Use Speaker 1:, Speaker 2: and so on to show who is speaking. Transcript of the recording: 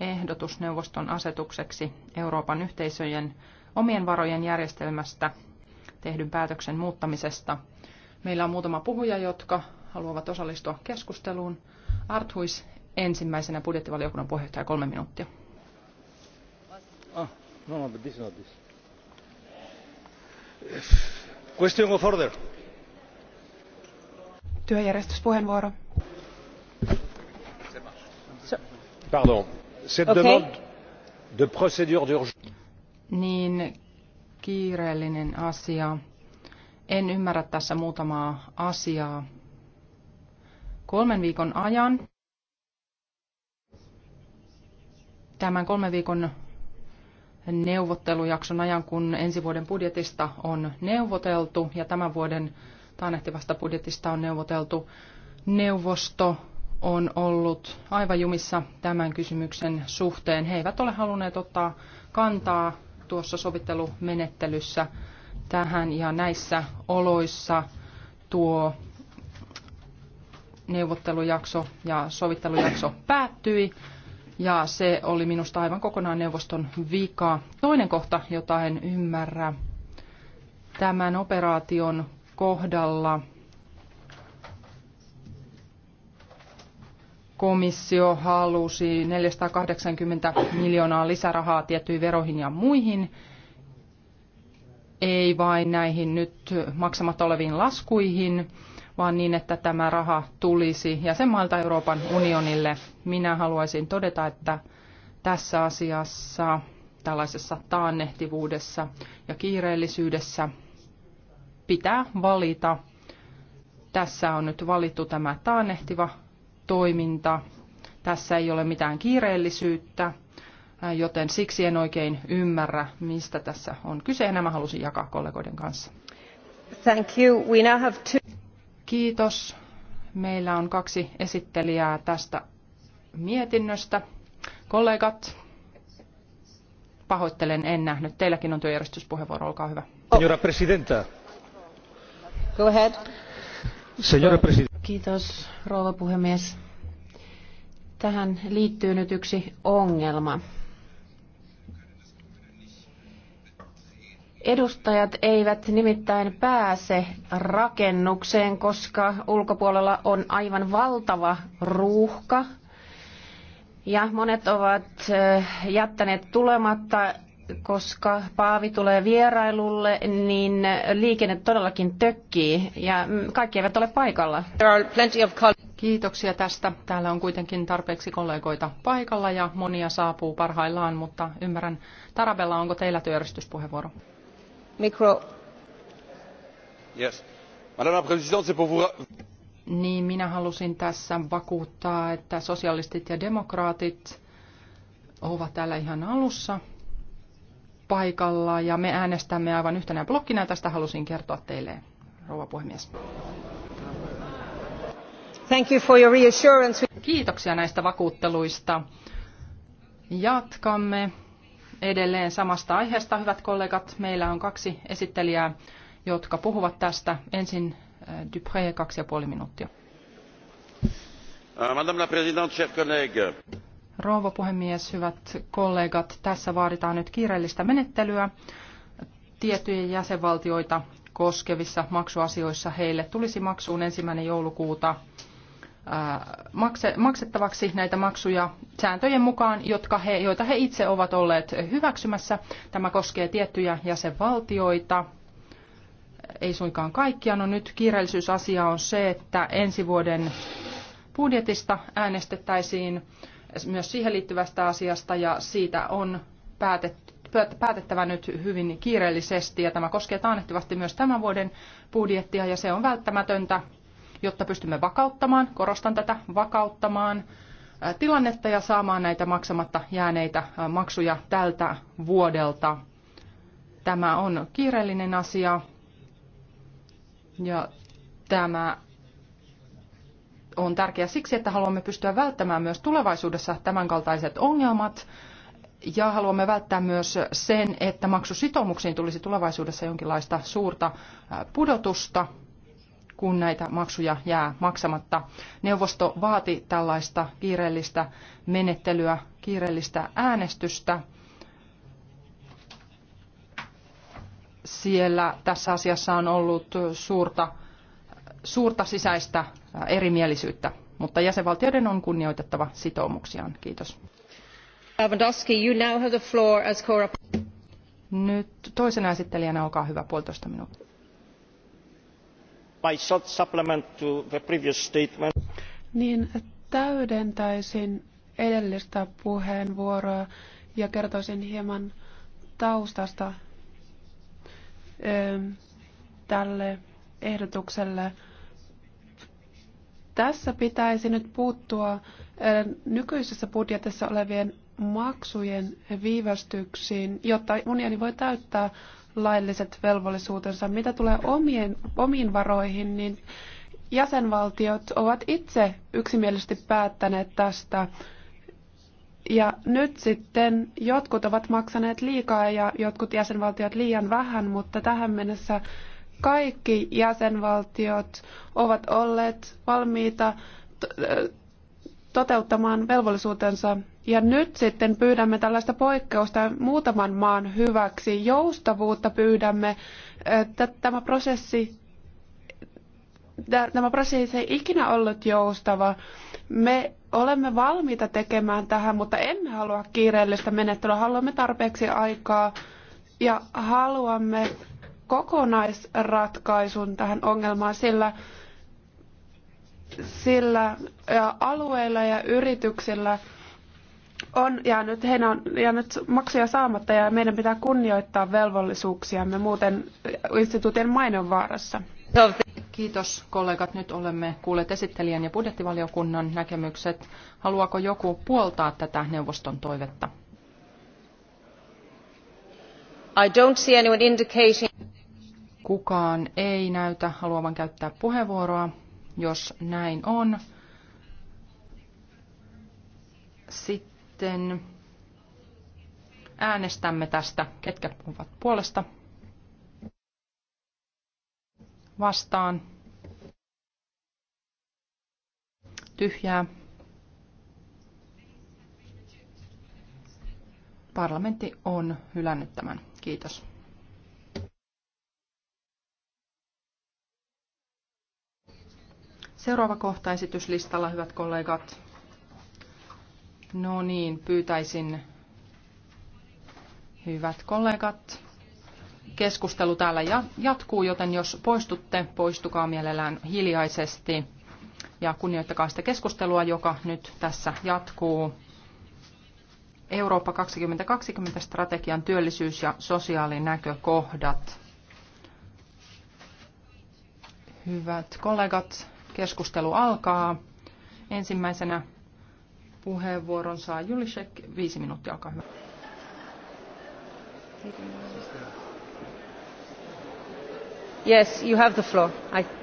Speaker 1: ehdotus neuvoston asetukseksi Euroopan yhteisöjen omien varojen järjestelmästä tehdyn päätöksen muuttamisesta. Meillä on muutama puhuja, jotka haluavat osallistua keskusteluun. Arthuis ensimmäisenä budjettivaliokunnan puheenjohtaja kolme minuuttia. Ah, no, no, but this is not this. Question of order.
Speaker 2: Työjärjestyspuheenvuoro.
Speaker 1: Pardon Cette demande de procédure d'urgence. Niin kiireellinen asia. En ymmärrä tässä muutamaa asiaa. Kolmen viikon ajan tämän kolmen viikon neuvottelujakson ajan, kun ensi vuoden budjetista on neuvoteltu ja tämän vuoden taannehtivasta budjetista on neuvoteltu neuvosto on ollut aivan jumissa tämän kysymyksen suhteen. He eivät ole halunneet ottaa kantaa tuossa sovittelumenettelyssä tähän ja näissä oloissa tuo neuvottelujakso ja sovittelujakso päättyi ja se oli minusta aivan kokonaan neuvoston vika. Toinen kohta, jota en ymmärrä tämän operaation kohdalla komissio halusi 480 miljoonaa lisärahaa tiettyihin veroihin ja muihin, ei vain näihin nyt maksamatta oleviin laskuihin, vaan niin, että tämä raha tulisi jäsenmailta Euroopan unionille. Minä haluaisin todeta, että tässä asiassa, tällaisessa taannehtivuudessa ja kiireellisyydessä pitää valita. Tässä on nyt valittu tämä taannehtiva toiminta. Tässä ei ole mitään kiireellisyyttä, joten siksi en oikein ymmärrä, mistä tässä on kyse. Ja nämä halusin jakaa kollegoiden kanssa. Thank you. We now have two... Kiitos. Meillä on kaksi esittelijää tästä mietinnöstä. Kollegat, pahoittelen, en nähnyt. Teilläkin on työjärjestyspuheenvuoro, olkaa hyvä. Oh. Go ahead.
Speaker 2: Kiitos, rouva puhemies. Tähän liittyy nyt yksi ongelma.
Speaker 1: Edustajat eivät nimittäin pääse rakennukseen, koska ulkopuolella on aivan valtava ruuhka. Ja monet ovat eh, jättäneet tulematta koska Paavi tulee vierailulle, niin liikenne todellakin tökkii ja kaikki eivät ole paikalla. Kiitoksia tästä. Täällä on kuitenkin tarpeeksi kollegoita paikalla ja monia saapuu parhaillaan, mutta ymmärrän. Tarabella, onko teillä työristyspuheenvuoro? Mikro.
Speaker 2: Yes. Madame la Présidente, c'est pour vous...
Speaker 1: Niin, minä halusin tässä vakuuttaa, että sosialistit ja demokraatit ovat täällä ihan alussa paikalla ja me äänestämme aivan yhtenä blokkina. Tästä halusin kertoa teille, rouva puhemies. Thank you for your reassurance. Kiitoksia näistä vakuutteluista. Jatkamme edelleen samasta aiheesta, hyvät kollegat. Meillä on kaksi esittelijää, jotka puhuvat tästä. Ensin äh, Dupré, kaksi ja puoli minuuttia.
Speaker 2: Euh, Madame la Présidente, chers collègues.
Speaker 1: Rouva puhemies, hyvät kollegat, tässä vaaditaan nyt kiireellistä menettelyä tiettyjä jäsenvaltioita koskevissa maksuasioissa. Heille tulisi maksuun ensimmäinen joulukuuta maksettavaksi näitä maksuja sääntöjen mukaan, jotka he, joita he itse ovat olleet hyväksymässä. Tämä koskee tiettyjä jäsenvaltioita, ei suinkaan kaikkia. No nyt kiireellisyysasia on se, että ensi vuoden budjetista äänestettäisiin myös siihen liittyvästä asiasta ja siitä on päätetty päätettävä nyt hyvin kiireellisesti ja tämä koskee taannehtivasti myös tämän vuoden budjettia ja se on välttämätöntä, jotta pystymme vakauttamaan, korostan tätä, vakauttamaan tilannetta ja saamaan näitä maksamatta jääneitä maksuja tältä vuodelta. Tämä on kiireellinen asia ja tämä on tärkeä siksi, että haluamme pystyä välttämään myös tulevaisuudessa tämänkaltaiset ongelmat ja haluamme välttää myös sen, että maksusitoumuksiin tulisi tulevaisuudessa jonkinlaista suurta pudotusta, kun näitä maksuja jää maksamatta. Neuvosto vaati tällaista kiireellistä menettelyä, kiireellistä äänestystä. Siellä tässä asiassa on ollut suurta, suurta sisäistä Äh, erimielisyyttä, mutta jäsenvaltioiden on kunnioitettava sitoumuksiaan. Kiitos. Nyt toisena esittelijänä
Speaker 2: olkaa hyvä puolitoista minuuttia.
Speaker 1: My short supplement to the previous statement.
Speaker 2: Niin täydentäisin edellistä puheenvuoroa ja kertoisin hieman taustasta ö, tälle ehdotukselle. Tässä pitäisi nyt puuttua nykyisessä budjetissa olevien maksujen viivästyksiin, jotta unioni voi täyttää lailliset velvollisuutensa. Mitä tulee omien, omiin varoihin, niin jäsenvaltiot ovat itse yksimielisesti päättäneet tästä. Ja nyt sitten jotkut ovat maksaneet liikaa ja jotkut jäsenvaltiot liian vähän, mutta tähän mennessä kaikki jäsenvaltiot ovat olleet valmiita toteuttamaan velvollisuutensa. Ja nyt sitten pyydämme tällaista poikkeusta muutaman maan hyväksi. Joustavuutta pyydämme, että tämä prosessi, tämä prosessi ei ikinä ollut joustava. Me olemme valmiita tekemään tähän, mutta emme halua kiireellistä menettelyä. Haluamme tarpeeksi aikaa ja haluamme kokonaisratkaisun tähän ongelmaan, sillä, sillä ja alueilla ja yrityksillä on jäänyt, heillä on jäänyt maksuja saamatta ja meidän pitää kunnioittaa velvollisuuksiamme, muuten instituutin maine on vaarassa.
Speaker 1: Kiitos kollegat. Nyt olemme kuulleet esittelijän ja budjettivaliokunnan näkemykset. Haluaako joku puoltaa tätä neuvoston toivetta? I don't see anyone indicating... Kukaan ei näytä haluavan käyttää puheenvuoroa. Jos näin on, sitten äänestämme tästä, ketkä puhuvat puolesta. Vastaan. Tyhjää. Parlamentti on hylännyt tämän. Kiitos. Seuraava kohta esityslistalla, hyvät kollegat. No niin, pyytäisin, hyvät kollegat, keskustelu täällä jatkuu, joten jos poistutte, poistukaa mielellään hiljaisesti ja kunnioittakaa sitä keskustelua, joka nyt tässä jatkuu. Eurooppa 2020 strategian työllisyys- ja sosiaalinäkökohdat. Hyvät kollegat, Keskustelu alkaa. Ensimmäisenä puheenvuoron saa Julisek. Viisi minuuttia, olkaa hyvä. Yes, you have the floor. I